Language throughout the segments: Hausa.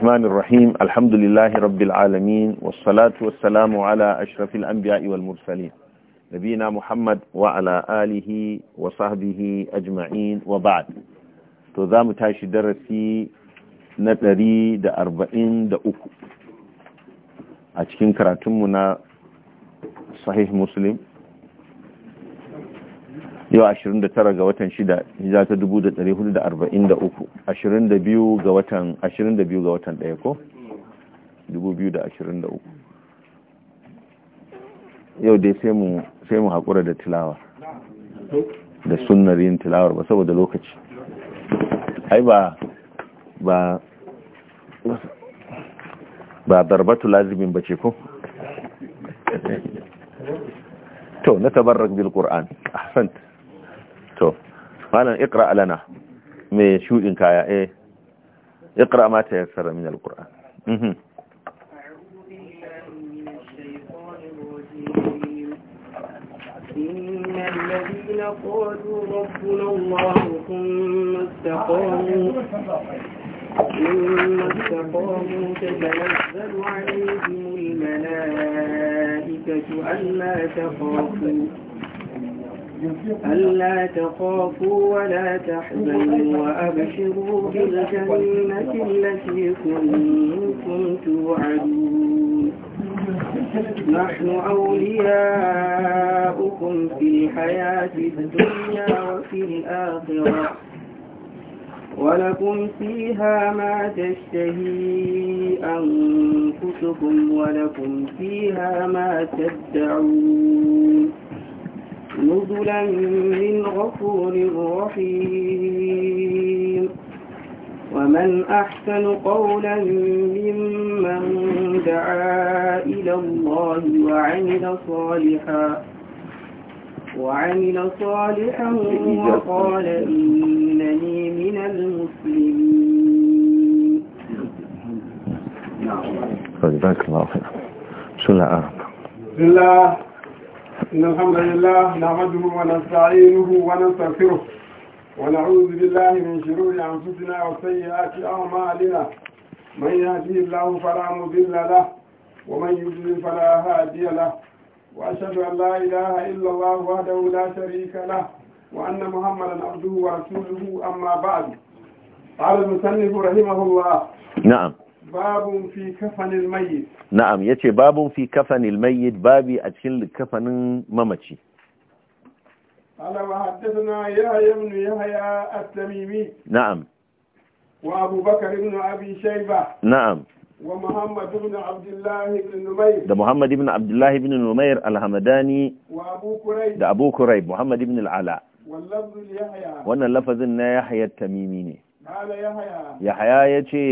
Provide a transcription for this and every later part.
الرحمن الرحيم الحمد لله رب العالمين والصلاة والسلام على أشرف الأنبياء والمرسلين نبينا محمد وعلى آله وصحبه أجمعين وبعد تذام تاشي درسي نتري دا أربعين دا أكو أتكين كراتمنا صحيح مسلم yau 29 ga watan 6 hijira ta 1443 22 ga watan 22 ga watan 1 ko 2023 yau dai sai mu sai mu hakura da tilawa da sunnar yin tilawar ba saboda lokaci ai ba ba ba darbatu lazimin bace ko to na tabarrak bil qur'an ahsanta to malam ikra lana mai shudin kaya eh ikra ma ta yassara min alquran mhm إن الذين قالوا ربنا الله ثم استقاموا ثم استقاموا تتنزل عليهم الملائكة ألا تخافوا ألا تخافوا ولا تحزنوا وأبشروا بالجنة التي كنتم توعدون نحن أولياؤكم في الحياة الدنيا وفي الآخرة ولكم فيها ما تشتهي أنفسكم ولكم فيها ما تدعون نزلا من غفور رحيم ومن أحسن قولا ممن دعا إلى الله وعمل صالحا وعمل صالحا وقال إنني من المسلمين جزاك الله خير بسم الله إن الحمد لله نعمده ونستعينه ونستغفره ونعوذ بالله من شرور أنفسنا وسيئات أعمالنا من يهدي الله فلا مضل له ومن يضلل فلا هادي له وأشهد أن لا إله إلا الله وحده لا شريك له وأن محمدا عبده ورسوله أما بعد قال المسلم رحمه الله نعم babun fi kafanin mayyit na'am yace babun fi kafanin mayyit babi a cikin kafanin mamaci ala wa haddathana yahya ibn yahya at-tamimi na'am wa abu bakr ibn abi shayba na'am wa muhammad ibn abdullah ibn numayr da muhammad ibn abdullah ibn numayr al-hamadani wa abu kurayb da abu kurayb muhammad ibn al-ala wannan lafazin na yahya at-tamimi ne yahaya ya ce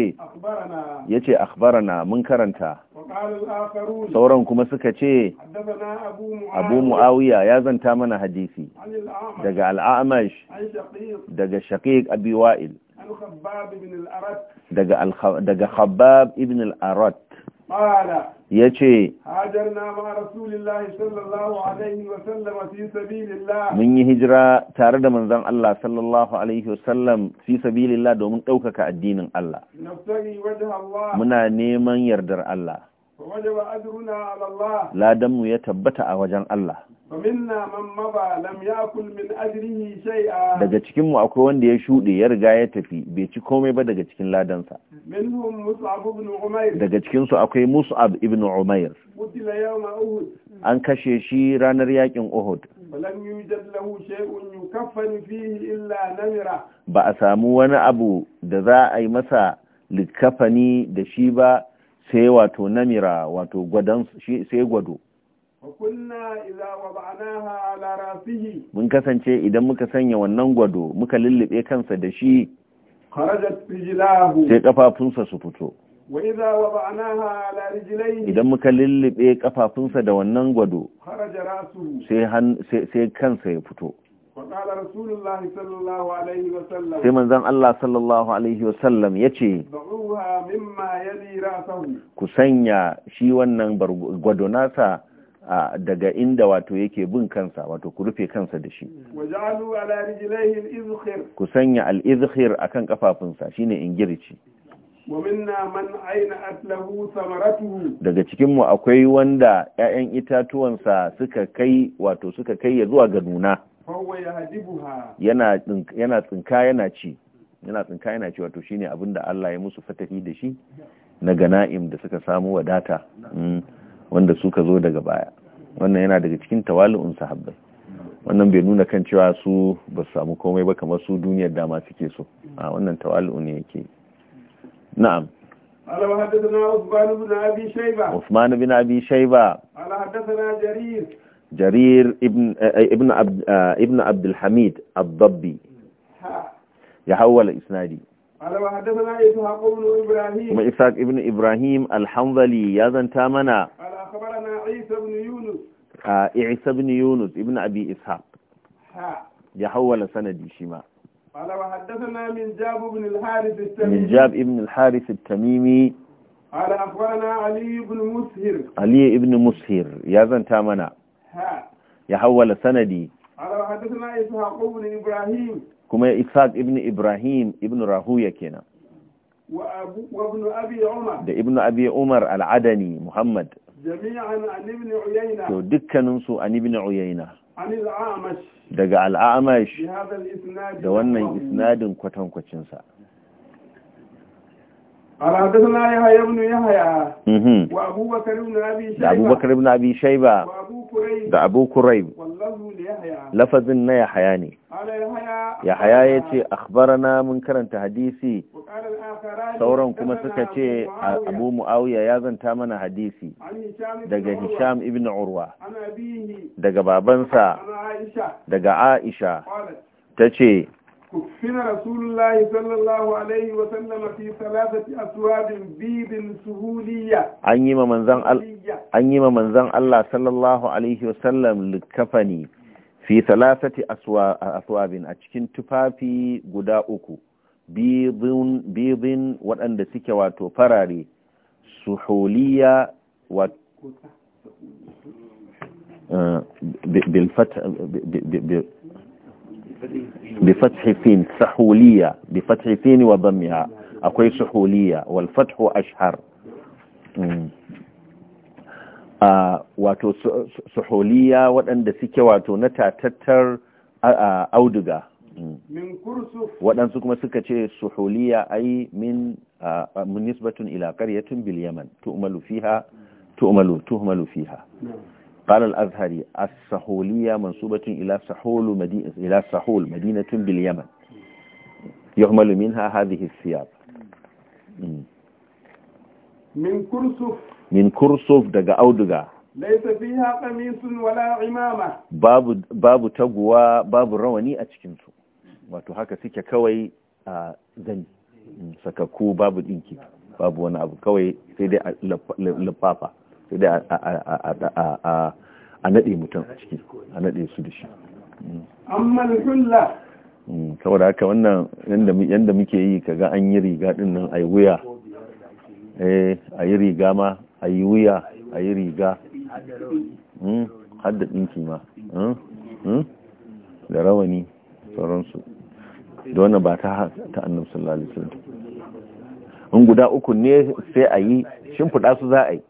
ya ce akhbarana mun karanta sauran kuma suka ce abu mu'awiya ya zanta mana hadisi daga al'amash daga shaqiq abi wa'il daga khabbab ibn al-arat ya ce mun yi hijira tare da manzan Allah sallallahu alaihi wasallam fi sabilillah domin ɗaukaka addinin Allah muna neman yardar Allah Ladanmu mu ya tabbata a wajen Allah daga cikinmu akwai wanda ya shuɗe ya riga ya tafi bai ci komai ba daga cikin ladansa daga cikinsu akwai mus'ab ibn umair an kashe shi ranar yakin uhud ba a samu wani abu da za a yi masa likafani da shi ba sai wato namira wato gwadon sai gwado mun kasance idan muka sanya wannan gwado muka lullube kansa da shi sai kafafunsa su fito idan muka lullube kafafunsa da wannan gwado sai kansa ya fito sai manzan Allah sallallahu Alaihi wasallam ya ce ku sanya shi wannan gwadonasa daga inda wato yake bin kansa wato ku rufe kansa da shi ku sanya al'izhir a kan kafafunsa shi ne ingirici daga cikinmu akwai wanda ‘ya'yan itatuwansa suka kai wato suka kai ya zuwa ga nuna yana tsinka yana ci yana tsinka yana ci wato shine abin da Allah ya musu fatahi da shi na gana'im da suka samu wadata mm, wanda suka zo daga baya wannan yana daga cikin tawali'un sahabbai wannan bai nuna kan cewa su ba su samu komai ba kamar su duniyar dama suke so a wannan tawali'un ne yake na'am قال وحدثنا bin بن ابي شيبه bin بن ابي شيبه قال حدثنا Jarir جرير ابن آه، آه، ابن عبد آه، ابن عبد الحميد الضبي يحول اسنادي قال وحدثنا إسحاق بن إبراهيم إسحاق ابن إبراهيم الحنظلي يزن تامنا قال أخبرنا عيسى بن يونس آه عيسى بن يونس ابن أبي إسحاق يحول سندي شما قال وحدثنا من جاب بن الحارث التميمي من جاب ابن الحارث التميمي قال أخبرنا علي بن مسهر علي بن مسهر يزن تامنا ya hawwala sanadi kuma ishaq ibn ibrahim ibn rahuya kenan da ibn abi umar al'adani muhammad to dukkaninsu an ibn uyayna daga al'amash da wannan isnadin kwatankwacinsa قال حدثنا يحيى بن يحيى وابو بكر بن ابي شيبه ابو بكر بن ابي mun karanta hadisi sauran kuma suka ce abu muawiya ya zanta mana hadisi daga hisham ibn urwa daga babansa daga aisha ta ce. كفن رسول الله صلى الله عليه وسلم في ثلاثة أسواد بيض سهولية أنيما منزان أنيما منزان الله صلى الله عليه وسلم لكفني في ثلاثة أسواد أتشكين تفافي قداؤكو bidin bidin waɗanda suke wato farare suhuliya wa بالفتح بفتح فين سحولية بفتح فين وضمها أكوي سحولية والفتح أشهر suholiya waɗanda suke wato na tatattar auduga waɗansu kuma suka ce suholiya ai min munisbatun ila ƙaryatun bil yaman tu'malu fiha fiha قال الأزهري السحولية منصوبة إلى سحول مدينة إلى سحول مدينة باليمن يهمل منها هذه الثياب من كرسف من كرسف دقا أو دقا ليس فيها قميص ولا عمامة باب باب تقوى باب رواني أتكنسو wato haka suke kawai a zani sakakku babu dinki babu wani abu kawai sai dai lafafa sai dai a naɗe mutum a ciki a naɗe su da shi mm, saboda haka wannan yadda muke yi kaga an yi riga din nan a yi wuya eh, a yi riga ma a yi wuya a yi riga mm, hadda ɗinki ma mm, da rawani sauransu da wannan ba ta ta annab sallallahu alaihi wasallam in guda uku ne sai a yi shimfiɗa su za a yi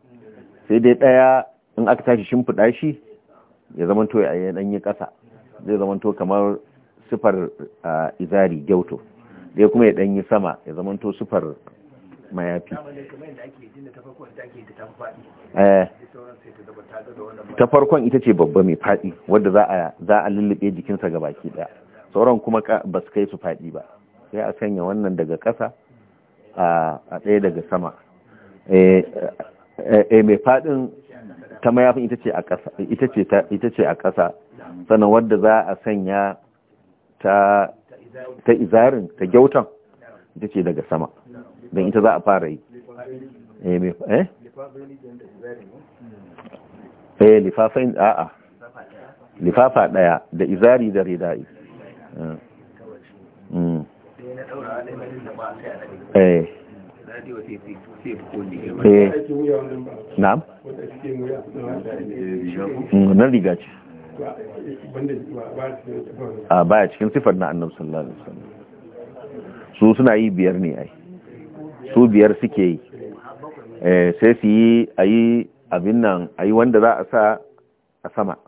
sai dai ɗaya in aka tashi shimfiɗa shi ya zamanto ya yi ƙasa zai zamanto kamar sifar izari gyauto ɗaya kuma ya yi sama ya zamanto sifar mayafi eh, ta farkon ita ce babba mai faɗi wadda za a lullube jikinsa ga baki ɗaya sauran kuma ba su kai su faɗi ba sai a sanya wannan daga ƙasa a ɗaya daga sama eh, Eh, eh mai fadin ta mayafin ita ce a ƙasa ita ce ta ita ce a ƙasa sannan wadda za a sanya ta ta izarin ta gyautan ita ce daga sama don ita za a fara yi eh mai eh eh a a lifafa daya da izari da ridai eh, hmm. eh. Eh. na mm, riga ce a baya cikin sifar na annabi sallallahu alaihi wasallam su suna yi biyar ne ai su biyar suke yi eh, sai su yi a yi abin nan a yi wanda za a sa a sama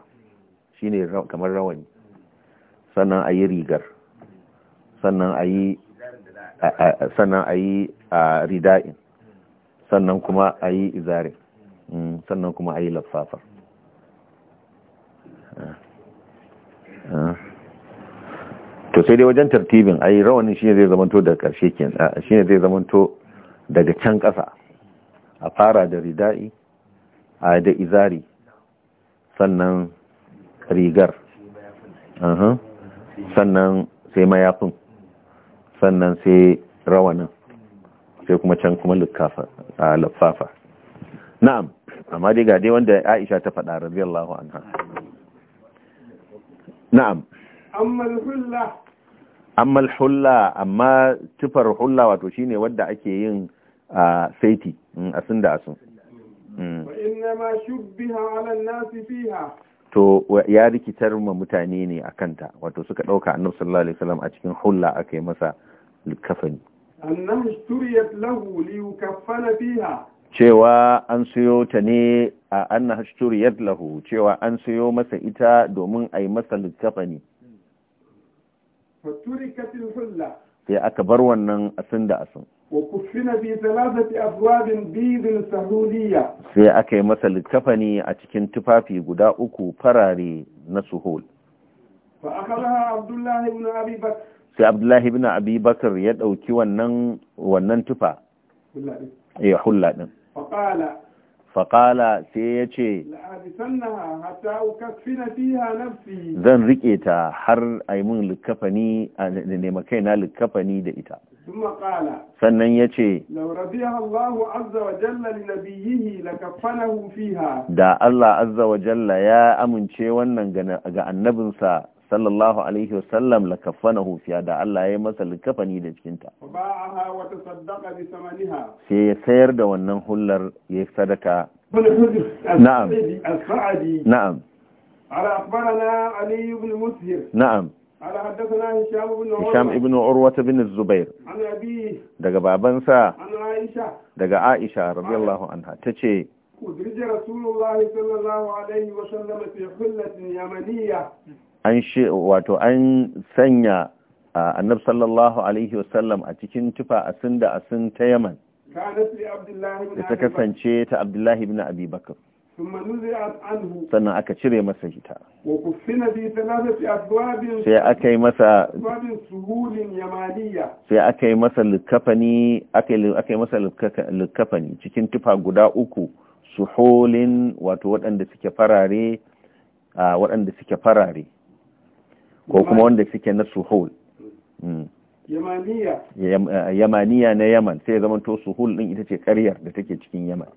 shine kamar rawani sannan a yi rigar sannan a yi sannan a yi a rida'in sannan kuma a yi izari, mm, sannan kuma a yi lafafa ah. ah. to sai dai wajen tartibin a yi rawanin shi ne zai zamanto da ƙarshe kenan shi ne zai zamanto daga can ƙasa a fara da rida'i a da izari sannan rigar sannan sai mayafin sannan sai rawanin sai kuma can kuma lafafa. na'am amma dai ga dai wanda aisha ta faɗa radiyallahu anha na'am Ammal hulla amma tufar hulla wato shine wadda ake yin a saiti mm, asin da mm. asin to ya rikitar ma mutane ne a kanta wato suka ɗauka annabi sallallahu alaihi wasallam a cikin hulla ake masa kafani annahu shturiyat lahu cewa an siyo ta ne a annahu shturiyat lahu cewa an siyo masa ita domin a yi masa littafani faturikatil hulla sai aka bar wannan asin da asin وكفن في ثلاثة أبواب بيض سهولية a cikin tufafi guda uku, farare na أكو Abdullahi sai abdullahi ibn abi bakar ya ɗauki wannan tufa ya hulla ɗin eh, faƙala sai ya ce zan riƙe ta har a yi min likafani da nema kaina likafani da ita sannan ya ce da Allah azza wa jalla ya amince wannan ga annabinsa sallallahu alaihi wasallam la kafana hufiya da Allah ya yi masa likafani da cikinta. Ba'aha wa ta saddaka bi samaniha. ya sayar da wannan hular ya sadaka. Na'am. Na'am. Ala Na'am. Ala ibn Urwa. Hisham Zubair. Daga babansa. An Daga Aisha radiyallahu anha tace أدرج رسول الله صلى an shi wato an sanya annab sallallahu alaihi wasallam a cikin tufa asin da asin ta yaman da ta kasance ta abdullahi bin abi bakar sannan aka cire masa hita sai aka yi masa sai aka yi masa likafani aka yi masa likafani cikin tufa guda uku suholin wato waɗanda suke farare waɗanda suke farare ko kuma wanda suke na suhul hmm. eh, yamaniya na yaman sai ya zamanto suhul din ita ce karyar da take cikin yaman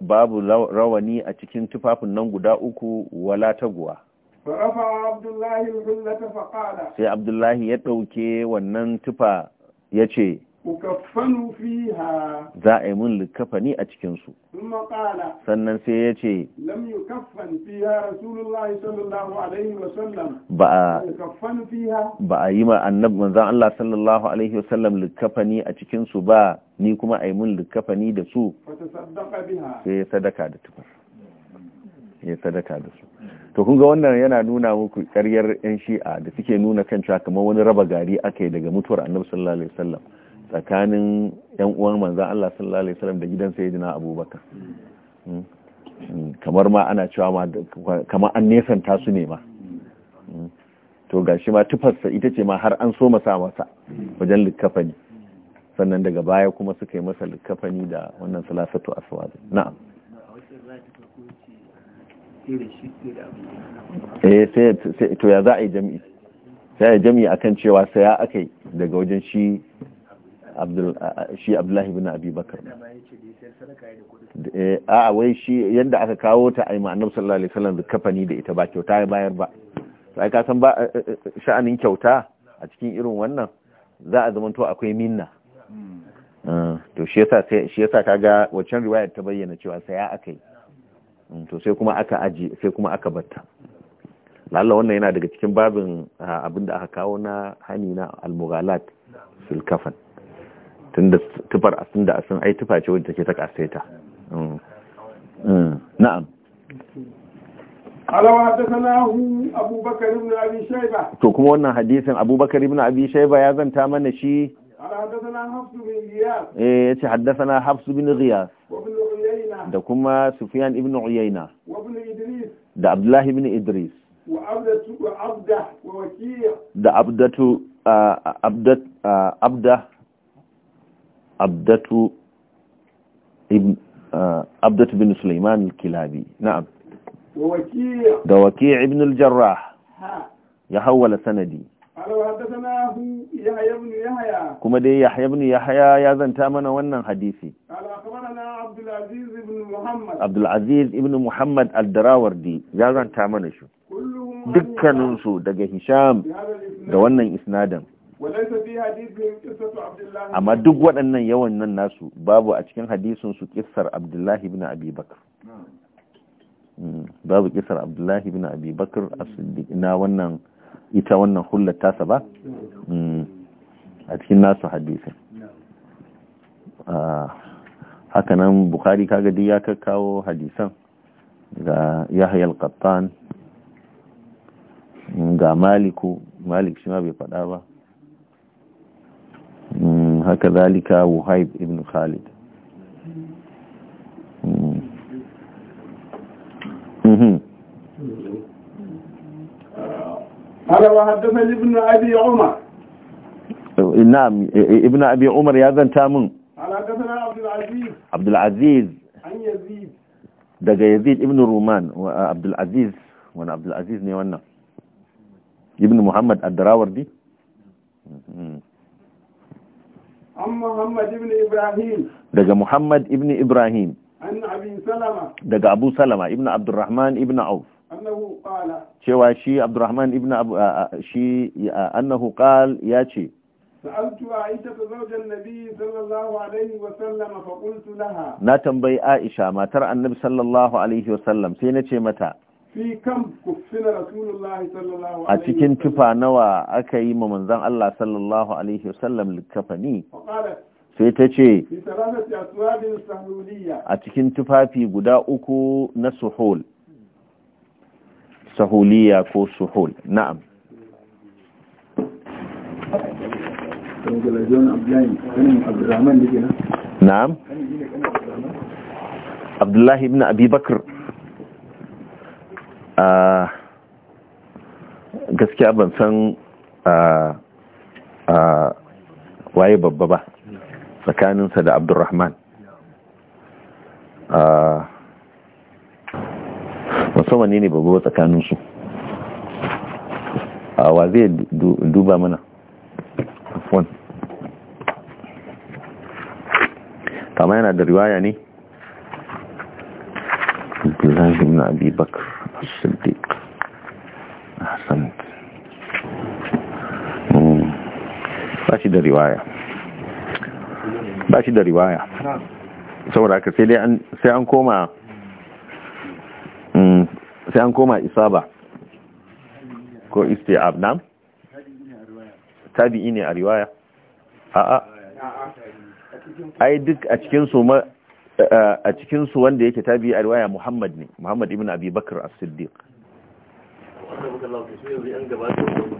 babu rawani a cikin tufafin nan guda uku wala taguwa sai abdullahi ya ɗauke wannan tufa ya ce za a yi mun likafani a cikinsu sannan sai ya ce fiha. ba a yi ma annab manzan Allah sallallahu alaihi wasallam likafani a cikinsu ba ni kuma a yi mun likafani da su sai ya sadaka da tukun ya sadaka da su to kun ga wannan yana nuna muku karyar yan shi'a da suke nuna kan cewa kamar wani raba gari aka yi daga mutuwar annabi sallallahu alaihi sallam tsakanin yan uwan manzan Allah sallallahu alaihi wasallam da gidan sayyidina Abubakar hmm. Hmm. kamar ma ana cewa ma kamar an nesanta su ne ma hmm. to gashi ma tufarsa ita ce ma har an so masa masa wajen likkafani sannan daga baya kuma suka yi masa likkafani da wannan salasatu aswad na'am eh sai to ya za a yi jami'i sai ya jami'i akan cewa sai ya akai daga wajen shi shi abdullahi bin abi bakar a eh, wai shi yadda aka kawo ta a yi ma'anar sallallahu alaihi wasallam da kafani da ita ba kyauta ya bayar ba sai ka san ba eh, eh, sha'anin kyauta a cikin irin wannan za a zamanto akwai minna hmm. ah, to shi yasa sai shi waccan riwayar ta bayyana cewa sai ya yi hmm, to sai kuma aka aji sai kuma aka batta lalla wannan yana daga cikin babin ah, abin da aka kawo na hani na almughalat fil tunda tufar asin da asin ai tufa ce wadda take ta ta mm. mm. na'am alawa da sanahu abubakar ibn abi shaiba to kuma wannan hadisin abubakar ibn abi shaiba ya zanta mana shi eh yace haddathana bin riyas da kuma sufiyan ibn uyayna da abdullah ibn idris da abdatu abda Uh, abdatu bin suleiman al-kilabi na'am da waki ibn al-jarrah ya hawala sanadi kuma dai yahya ibn yahya ya zanta mana wannan hadisi abdul aziz ibn muhammad al-darawardi ya zanta mana shi dukkaninsu daga hisham da wannan isnadan. amma duk waɗannan yawan nan nasu babu a cikin hadisun su kissar abdullahi ibn abi babu kissar abdullahi ibn abi bakr na wannan ita wannan hullar tasa ba a cikin nasu hadisin hakanan bukari kaga duk ya kawo hadisan ga yahya al-qattan ga maliku malik shi ma bai faɗa ba هكذلك كذلك وهيب ابن خالد قال وحدثني ابن أبي عمر نعم ابن أبي عمر يا ذن تامن قال حدثنا عبد العزيز عبد العزيز عن يزيد دقى يزيد ابن رومان وعبد العزيز وانا عبد العزيز نيوانا ابن محمد الدراور دي daga Muhammad ibn Ibrahim daga Abu Salama ibn Abdurrahman ibn Auf cewa shi Abdurrahman ibn shi annahu qal ya ce سألت عائشة زوج النبي صلى الله عليه وسلم فقلت لها na ce mata. a cikin tufa nawa aka yi ma manzan Allah sallallahu alaihi wasallam likafani sai ta ce a cikin tufafi guda uku na suhul sahuliya ko suhul na'am na'am abdullahi ibn abi bakr a gaskiya ban san a waye babba ba tsakaninsa da abdurrahman a musamman ne babba tsakaninsu a wa zai duba mana afon kama yana da riwaya ne abdullahi ibn abi bakr Bashi da riwaya bashi da riwaya saboda sai dai sai an koma mm, sai an koma isaba ko iste nam tabi'i ne a riwaya a'a ai duk a cikin su eh, a cikin su wanda yake tabi a riwaya Muhammad ne Muhammad ibn Abi Bakr as-Siddiq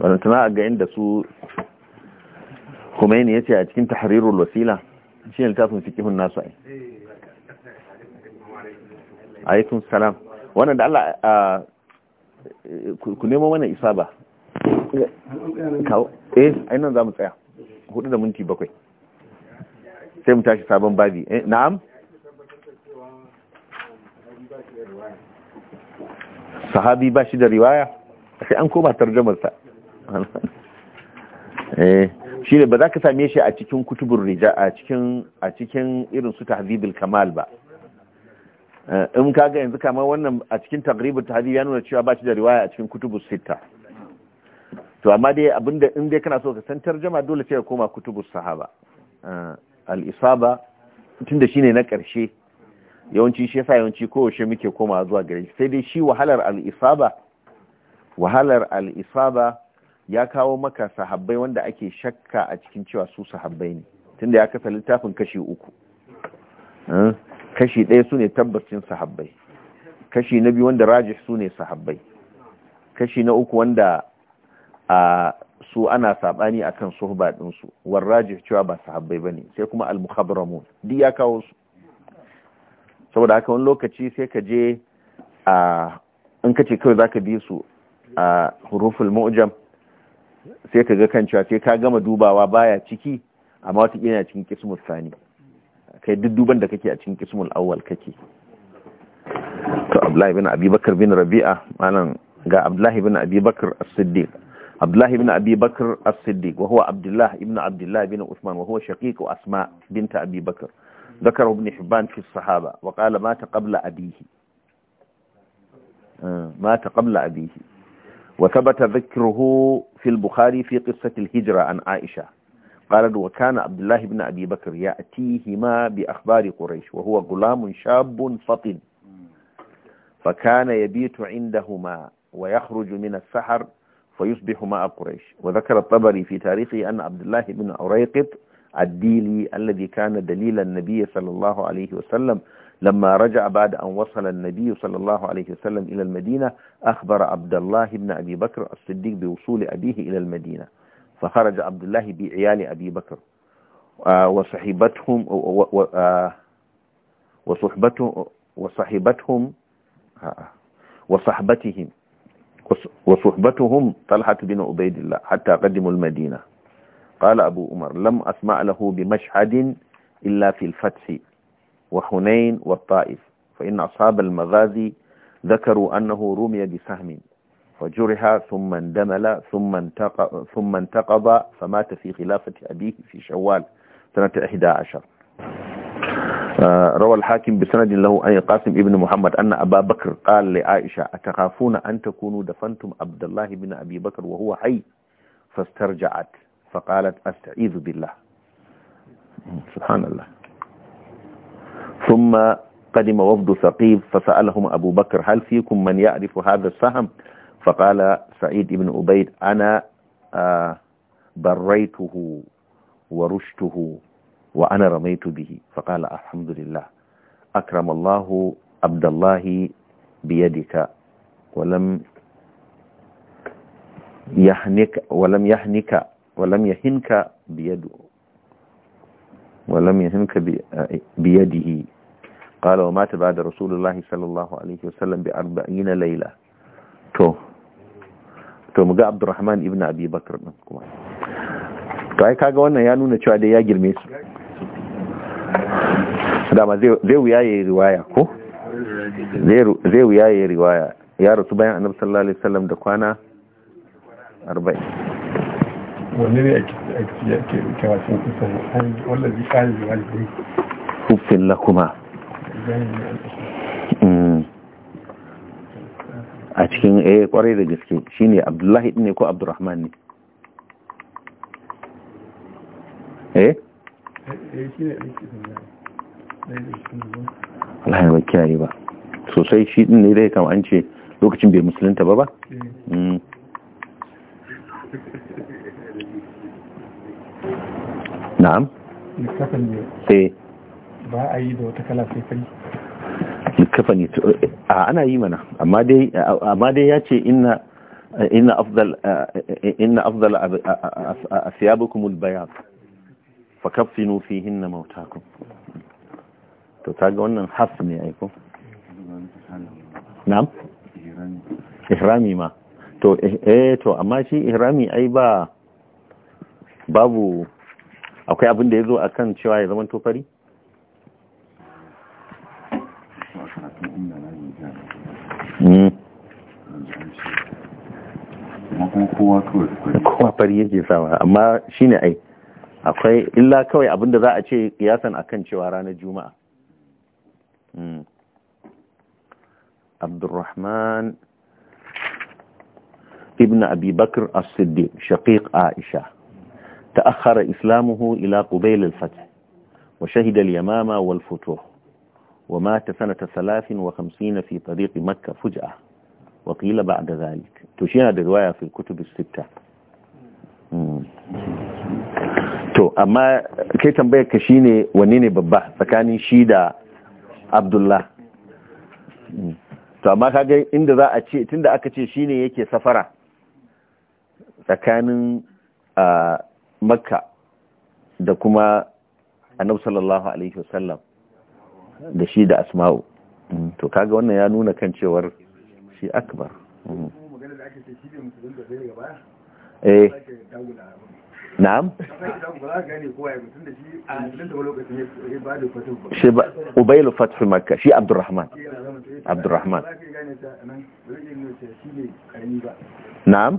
wadantana a ga inda su Khomeini ya ce a cikin tahrirul wasila shi ne littafin fikihun nasu ai alaikun salam wannan da Allah ku nemo mana isaba kawo eh ainihin za mu tsaya hudu da minti bakwai sai mu tashi sabon babi eh, na'am sahabi ba shi da riwaya sai an koma tarjamarsa Eh, shi ne ba za ka same shi a cikin kutubun rija a cikin a cikin irin su tahzibul kamal ba eh, in kaga yanzu kamar wannan a cikin tagribul tahzib ya nuna cewa ba shi da riwaya a cikin kutubus sita to amma dai abinda in dai kana so ka san tarjuma dole sai ka koma kutubus sahaba eh, al isaba tunda shine na karshe yawanci shi yasa yawanci ko washe muke koma zuwa gare sai dai shi wahalar al isaba wahalar al isaba ya kawo maka sahabbai wanda ake shakka a cikin cewa su sahabbai ne tunda ya kasa littafin kashi uku hmm? kashi ɗaya su ne tabbacin sahabbai kashi na biyu wanda rajih su ne sahabbai kashi na uku wanda a su ana saɓani a kan suhba ɗinsu war rajih cewa ba sahabbai ba ne sai kuma al duk ya kawo su saboda haka wani lokaci sai ka je a in ka ce kawai za ka bi su a huruful mu'jam sai ka ga kan cewa sai ka gama dubawa baya ciki amma wata yana cikin kismul sani kai duk duban da kake a cikin kismul awwal kake to abdullahi bin abubakar bin rabi'a malam ga abdullahi bin abubakar as-siddiq abdullahi bin abubakar as-siddiq wa huwa ibn Abdullahi, bin usman wa huwa shaqiq asma bint abubakar ذكره ابن حبان في الصحابة وقال مات قبل أبيه مات قبل أبيه وثبت ذكره في البخاري في قصة الهجرة عن عائشة قالت وكان عبد الله بن أبي بكر يأتيهما بأخبار قريش وهو غلام شاب فطن فكان يبيت عندهما ويخرج من السحر فيصبح مع قريش وذكر الطبري في تاريخه أن عبد الله بن أريقط الديلي الذي كان دليل النبي صلى الله عليه وسلم لما رجع بعد أن وصل النبي صلى الله عليه وسلم إلى المدينة أخبر عبد الله بن أبي بكر الصديق بوصول أبيه إلى المدينة فخرج عبد الله بعيال أبي بكر آه، آه، وصحبتهم وصحبتهم آه، وصحبتهم وصحبتهم وصحبتهم طلحة بن عبيد الله حتى قدموا المدينة قال أبو عمر لم أسمع له بمشهد إلا في الفتح وحنين والطائف فإن أصحاب المغازي ذكروا أنه رمي بسهم فجرح ثم اندمل ثم انتقض, ثم انتقض فمات في خلافة أبيه في شوال سنة 11 آه، روى الحاكم بسند له أي قاسم ابن محمد أن أبا بكر قال لعائشة أتخافون أن تكونوا دفنتم عبد الله بن أبي بكر وهو حي فاسترجعت فقالت أستعيذ بالله سبحان الله ثم قدم وفد ثقيف فسألهم أبو بكر هل فيكم من يعرف هذا السهم فقال سعيد بن أبيد أنا آه، بريته ورشته وأنا رميت به فقال الحمد لله أكرم الله عبد الله بيدك ولم يهنك ولم يهنك ولم يهنك بيده ولم يهنك بيده قال ومات بعد رسول الله صلى الله عليه وسلم بأربعين ليلة تو to muga Abdurrahman ibn Abi Bakr din kuma to ai kaga wannan ya nuna cewa dai ya girme su dama zai wuya yayi riwaya riwaya ya rasu bayan Annabi sallallahu alaihi wasallam da kwana 40 wanne ne ake kyawacin kusan wallazi kayan walidai hufin lakuma mm. a cikin eh kwarai da gaske ne abdullahi ne ko abdurrahman ne eh, eh Allah ya kiyaye ba sosai shi din ne dai kam an ce lokacin bai musulunta ba ba eh. mm. na'am littafin ne eh. ba a yi da wata kala sai fari littafin a ana yi mana amma dai ya ce ina inna afdal inna afdal asyabukum albayad fakaffinu fihinna mautakum to kaga wannan has ne aiko na'am ihrami ma to eh, eh to amma shi ihrami ai ba babu akwai abin da ya zo a kan cewa ya zama tofari? Hmm. kowa fari yake sama amma shi ne ai akwai illa kawai abinda za a ce kiyasan a kan cewa ranar juma'a hmm. abdurrahman ibn abubakar as-siddiq shaqiq aisha تأخر إسلامه إلى قبيل الفتح وشهد اليمامة والفتوح ومات سنة ثلاث وخمسين في طريق مكة فجأة وقيل بعد ذلك تشير رواية في الكتب الستة to amma kai tambayarka ka shine wanne ne babba tsakanin shi da abdullah to amma kaga inda za ce tunda aka ce shine yake safara tsakanin makka da kuma annabi sallallahu alaihi wasallam da shi da asma'u to kaga wannan ya nuna kan cewar shi akbar mm. eh na'am shi ba ubayl makka shi abdurrahman abdurrahman na'am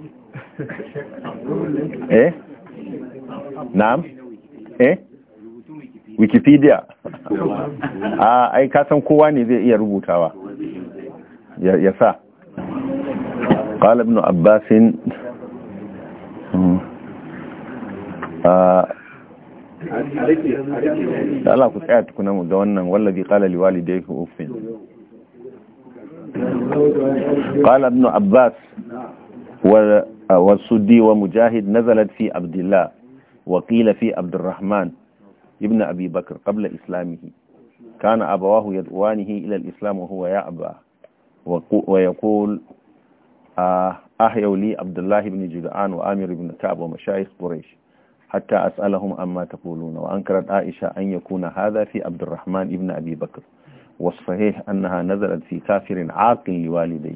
eh na'am eh wikipedia a ah, ai kasan kowa ne zai iya rubutawa ya sa قال ابن عباس Allah ku tsaya tukuna mu ga wannan wallazi qala uffin qala ibn abbas wa والسدي ومجاهد نزلت في عبد الله وقيل في عبد الرحمن ابن أبي بكر قبل إسلامه كان أبواه يدعوانه إلى الإسلام وهو يعبى ويقول آه، أحيوا لي عبد الله بن جدعان وآمر بن كعب ومشايخ قريش حتى أسألهم عما تقولون وأنكرت عائشة أن يكون هذا في عبد الرحمن ابن أبي بكر والصحيح أنها نزلت في كافر عاق لوالديه